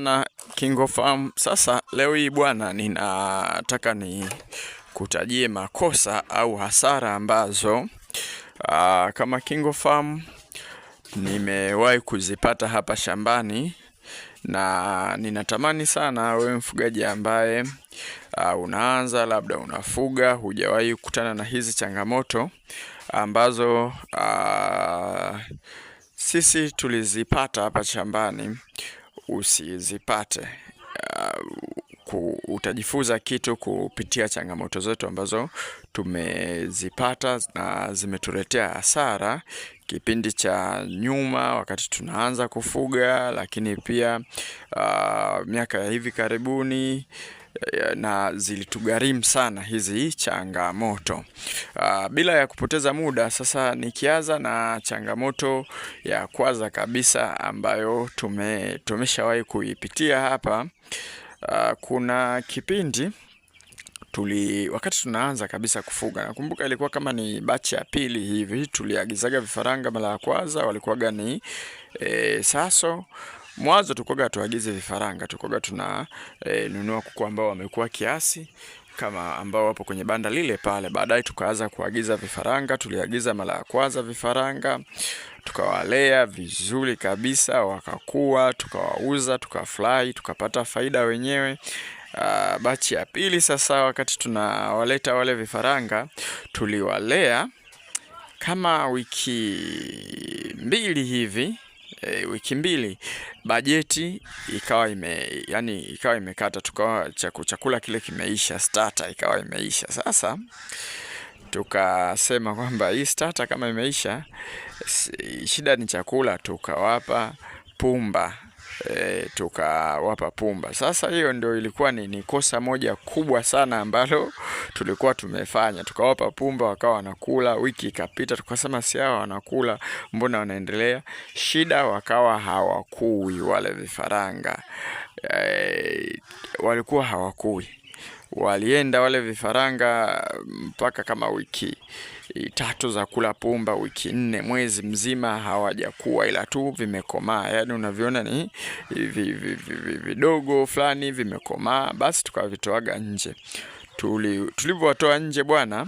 Na Farm. Sasa leo hii bwana, ninataka ni kutajie makosa au hasara ambazo aa, ah, kama Farm nimewahi kuzipata hapa shambani, na ninatamani sana wewe mfugaji ambaye aa, ah, unaanza labda unafuga, hujawahi kukutana na hizi changamoto ambazo aa, ah, sisi tulizipata hapa shambani usizipate. Uh, utajifunza kitu kupitia changamoto zetu ambazo tumezipata na zimetuletea hasara kipindi cha nyuma wakati tunaanza kufuga, lakini pia uh, miaka ya hivi karibuni. Eh, na zilitugharimu sana hizi changamoto. Uh, bila ya kupoteza muda sasa, nikianza na changamoto ya kwanza kabisa ambayo tume tumeshawahi kuipitia hapa. Uh, kuna kipindi tuli wakati tunaanza kabisa kufuga, nakumbuka ilikuwa kama ni bachi ya pili hivi, tuliagizaga vifaranga. Mara ya kwanza walikuwaga ni e, Saso Mwanzo tukoga tuagize vifaranga, tukoga tuna e, nunua kuku ambao wamekuwa kiasi kama ambao wapo kwenye banda lile pale. Baadaye tukaanza kuagiza vifaranga. Tuliagiza mara ya kwanza vifaranga, tukawalea vizuri kabisa, wakakua, tukawauza, tukafurahi, tukapata faida wenyewe. Uh, ah, bachi ya pili sasa, wakati tunawaleta wale vifaranga, tuliwalea kama wiki mbili hivi e, wiki mbili bajeti ikawa ime yani ikawa imekata, tukawa chakula kile kimeisha, starter ikawa imeisha. Sasa tukasema kwamba hii starter kama imeisha, shida ni chakula, tukawapa pumba e, tukawapa pumba. Sasa hiyo ndio ilikuwa ni, ni kosa moja kubwa sana ambalo tulikuwa tumefanya, tukawapa pumba, wakawa wanakula. Wiki ikapita, tukasema si hawa wanakula, mbona wanaendelea? Shida wakawa hawakui wale vifaranga e, walikuwa hawakui, walienda wale vifaranga mpaka kama wiki tatu za kula pumba wiki nne, mwezi mzima hawajakuwa, ila tu vimekomaa, yani unaviona ni vidogo fulani vimekomaa, basi tukavitoaga nje. Tulivyowatoa nje bwana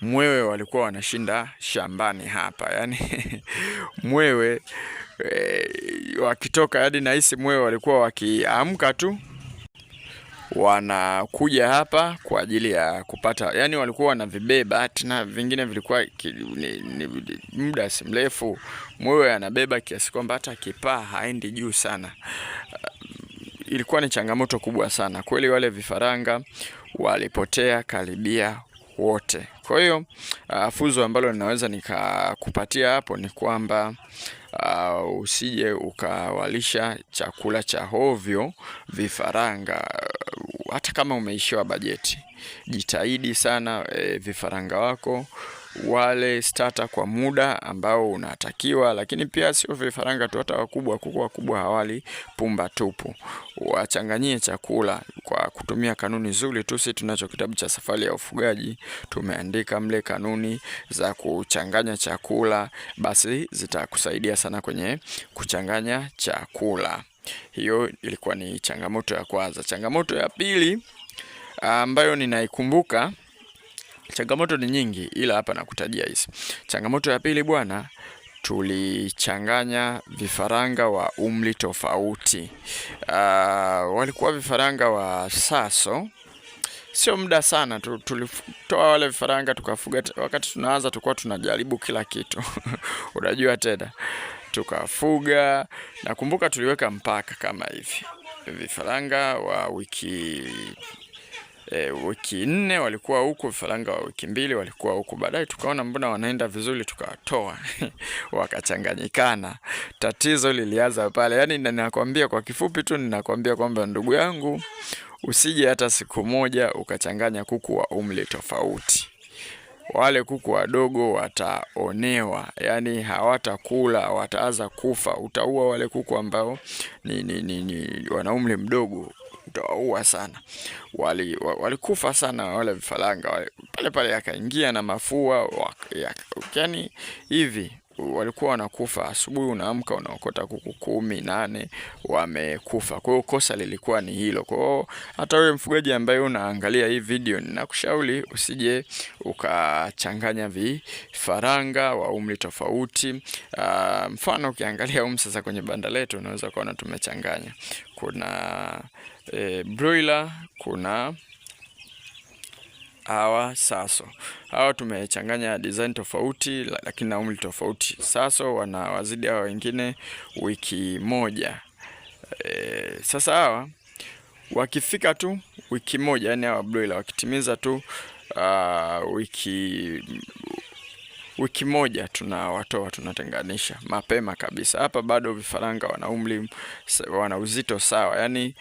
mwewe walikuwa wanashinda shambani hapa, yani mwewe e, wakitoka hadi yaani nahisi mwewe walikuwa wakiamka tu wanakuja hapa kwa ajili ya kupata, yani walikuwa wanavibeba tena, vingine vilikuwa ki, ni, ni, muda si mrefu mwewe anabeba kiasi kwamba hata kipaa haendi juu sana. Uh, ilikuwa ni changamoto kubwa sana kweli. Wale vifaranga walipotea karibia wote. Kwa hiyo uh, fuzo ambalo ninaweza nikakupatia hapo ni kwamba uh, usije ukawalisha chakula cha hovyo vifaranga hata kama umeishiwa bajeti, jitahidi sana e, vifaranga wako wale starter kwa muda ambao unatakiwa, lakini pia sio vifaranga tu, hata wakubwa. Kuku wakubwa hawali pumba tupu, wachanganyie chakula kwa kutumia kanuni nzuri tu. Sisi tunacho kitabu cha Safari ya Ufugaji, tumeandika mle kanuni za kuchanganya chakula, basi zitakusaidia sana kwenye kuchanganya chakula. Hiyo ilikuwa ni changamoto ya kwanza. Changamoto ya pili ambayo ninaikumbuka, changamoto ni nyingi, ila hapa nakutajia hizi. Changamoto ya pili bwana, tulichanganya vifaranga wa umri tofauti. Uh, walikuwa vifaranga wa Saso sio muda sana tu, tulitoa wale vifaranga tukafuga. Wakati tunaanza tulikuwa tunajaribu kila kitu unajua tena tukafuga. Nakumbuka tuliweka mpaka kama hivi vifaranga wa wiki E, wiki nne walikuwa huku, vifaranga wa wiki mbili walikuwa huku. Baadaye tukaona mbona wanaenda vizuri, tukawatoa wakachanganyikana. Tatizo lilianza pale. Yani ninakwambia kwa kifupi tu, ninakwambia kwamba ndugu yangu, usije hata siku moja ukachanganya kuku wa umri tofauti wale kuku wadogo wataonewa, yani hawatakula, wataanza kufa. Utaua wale kuku ambao ni, ni, ni, ni wana umri mdogo, utawaua sana. Walikufa wali sana wale vifaranga pale pale yakaingia na mafua yani hivi walikuwa wanakufa asubuhi, unaamka unaokota kuku kumi nane wamekufa. Kwa hiyo kosa lilikuwa ni hilo. Kwa hiyo hata wewe mfugaji ambaye unaangalia hii video, ninakushauri usije ukachanganya vifaranga wa umri tofauti. Uh, mfano ukiangalia um sasa kwenye banda letu unaweza ukaona tumechanganya, kuna eh, broiler kuna hawa Saso. Hawa tumechanganya design tofauti, lakini na umri tofauti. Saso wanawazidi hawa wengine wiki moja. E, sasa hawa wakifika tu wiki moja, yani hawa broiler wakitimiza tu uh, wiki wiki moja tunawatoa, tunatenganisha mapema kabisa. Hapa bado vifaranga wana umri, wana uzito sawa, yani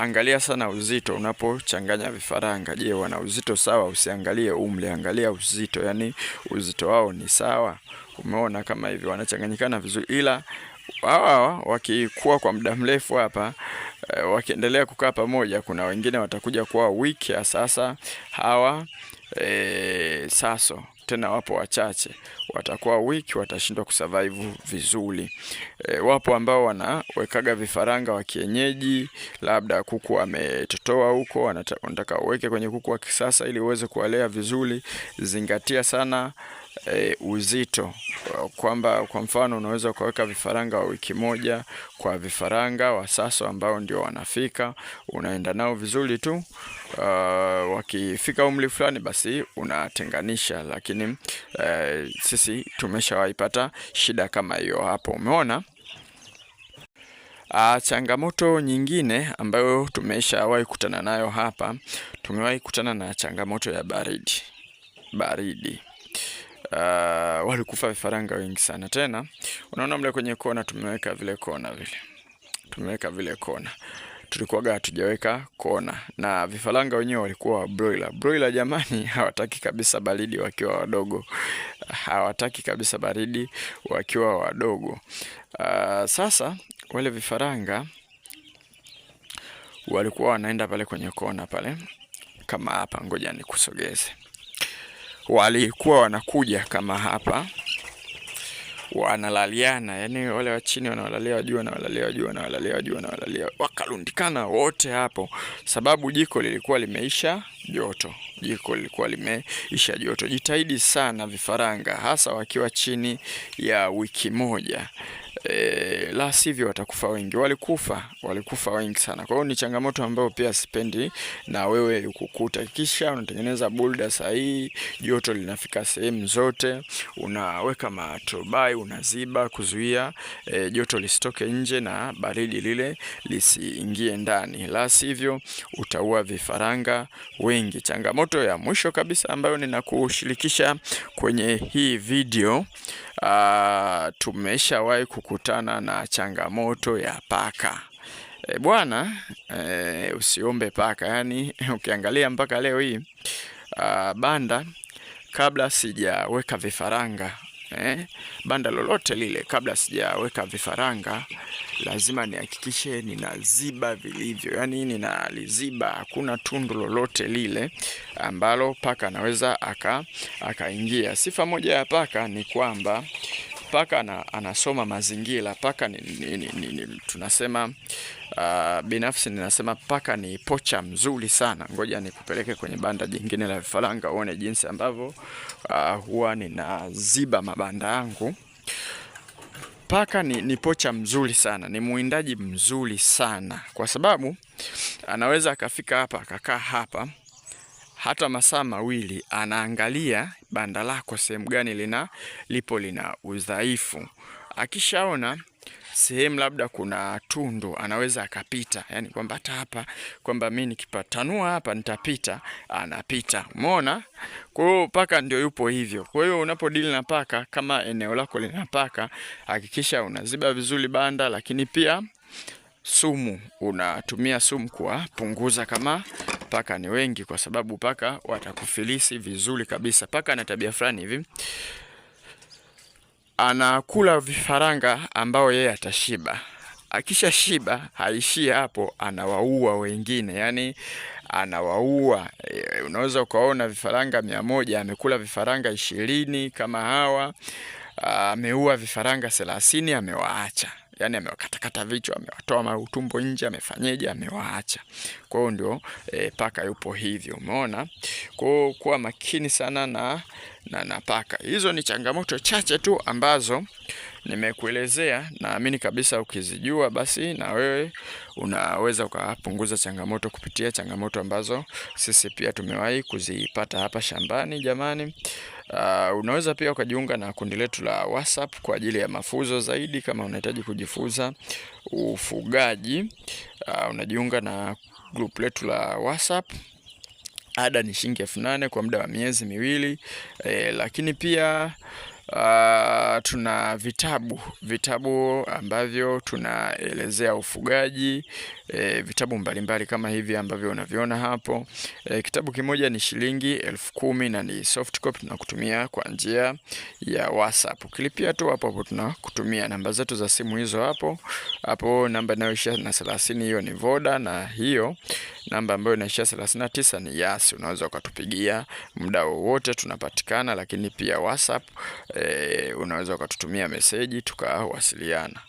Angalia sana uzito unapochanganya vifaranga. Je, wana uzito sawa? Usiangalie umri, angalia uzito, yani uzito wao ni sawa. Umeona kama hivi wanachanganyikana vizuri, ila hawa wakikuwa kwa muda mrefu hapa e, wakiendelea kukaa pamoja, kuna wengine watakuja kuwa wiki ya sasa hawa e, saso tena wapo wachache watakuwa wiki watashindwa kusurvive vizuri. E, wapo ambao wanawekaga vifaranga wa kienyeji, labda kuku ametotoa huko, wanataka uweke kwenye kuku wa kisasa ili uweze kuwalea vizuri. Zingatia sana e, uzito kwamba kwa mfano unaweza ukaweka vifaranga wa wiki moja kwa vifaranga wa sasa ambao ndio wanafika, unaenda nao vizuri tu. Uh, wakifika umri fulani basi unatenganisha, lakini uh, sisi tumeshawaipata shida kama hiyo hapo, umeona. Uh, changamoto nyingine ambayo tumeshawahi kutana nayo hapa, tumewahi kutana na changamoto ya baridi baridi uh, walikufa vifaranga wengi sana. Tena unaona mle kwenye kona tumeweka vile kona vile, tumeweka vile kona tulikuwaga hatujaweka kona na vifaranga wenyewe walikuwa broiler. Broiler jamani, hawataki kabisa baridi wakiwa wadogo, hawataki kabisa baridi wakiwa wadogo. Uh, sasa wale vifaranga walikuwa wanaenda pale kwenye kona pale, kama hapa, ngoja nikusogeze walikuwa wanakuja kama hapa wanalaliana, yani wale wa chini wanawalalia wa juu, wanawalalia wa juu, wanawalalia wa juu, wanawalalia, wakarundikana wote hapo, sababu jiko lilikuwa limeisha joto. Jiko lilikuwa limeisha joto. Jitahidi sana vifaranga, hasa wakiwa chini ya wiki moja, e, la sivyo watakufa wengi. Walikufa, walikufa wengi sana. Kwa hiyo ni changamoto ambayo pia sipendi na wewe ukukuta. Kisha unatengeneza bulda sahihi, joto linafika sehemu zote, unaweka maturubai, unaziba kuzuia e, joto lisitoke nje na baridi lile lisiingie ndani, la sivyo utaua vifaranga wengi. Changamoto ya mwisho kabisa ambayo ninakushirikisha kwenye hii video uh, tumeshawahi kukutana na changamoto ya paka. E, bwana e, usiombe paka. Yani ukiangalia mpaka leo hii uh, banda kabla sijaweka vifaranga eh, banda lolote lile, kabla sijaweka vifaranga, lazima nihakikishe ninaziba vilivyo, yani ninaliziba, hakuna tundu lolote lile ambalo paka anaweza akaingia. Aka sifa moja ya paka ni kwamba paka ana, anasoma mazingira. Paka ni, ni, ni, ni, tunasema uh, binafsi ninasema paka ni pocha mzuri sana. Ngoja nikupeleke kwenye banda jingine la vifaranga uone jinsi ambavyo uh, huwa ninaziba mabanda yangu. Paka ni, ni pocha mzuri sana, ni mwindaji mzuri sana, kwa sababu anaweza akafika hapa akakaa hapa hata masaa mawili, anaangalia banda lako sehemu gani lina lipo lina udhaifu. Akishaona sehemu labda kuna tundu, anaweza akapita, yani kwamba hata hapa kwamba mimi nikipatanua hapa nitapita, anapita. Umeona? Kwa hiyo paka ndio yupo hivyo. Kwa hiyo unapodili na paka, kama eneo lako lina paka, hakikisha unaziba vizuri banda, lakini pia sumu, unatumia sumu kuwapunguza kama paka ni wengi, kwa sababu paka watakufilisi vizuri kabisa. Paka ana tabia fulani hivi, anakula vifaranga ambao yeye atashiba. Akisha shiba haishii hapo, anawaua wengine, yani anawaua. Eh, unaweza ukaona vifaranga mia moja amekula vifaranga ishirini kama hawa, ah, ameua vifaranga thelathini amewaacha yani amewakatakata vichwa, amewatoa mautumbo nje, amefanyeje, amewaacha. Kwa hiyo ndio e, paka yupo hivyo, umeona. Kwa hiyo kuwa makini sana na, na, na paka. Hizo ni changamoto chache tu ambazo nimekuelezea. Naamini kabisa ukizijua, basi na wewe unaweza ukapunguza changamoto kupitia changamoto ambazo sisi pia tumewahi kuzipata hapa shambani, jamani. Uh, unaweza pia ukajiunga na kundi letu la WhatsApp kwa ajili ya mafunzo zaidi. Kama unahitaji kujifunza ufugaji, uh, unajiunga na group letu la WhatsApp. Ada ni shilingi elfu nane kwa muda wa miezi miwili, eh, lakini pia uh, tuna vitabu vitabu ambavyo tunaelezea ufugaji e, vitabu mbalimbali mbali kama hivi ambavyo unaviona hapo e, kitabu kimoja ni shilingi elfu kumi na ni soft copy tunakutumia kwa njia ya WhatsApp. Ukilipia tu hapo hapo tunakutumia namba zetu za simu hizo hapo hapo, namba inayoisha na thelathini hiyo ni Voda, na hiyo namba ambayo inaishia tisa ni Yas. Unaweza ukatupigia muda wowote, tunapatikana, lakini pia WhatsApp e, unaweza ukatutumia meseji tukawasiliana.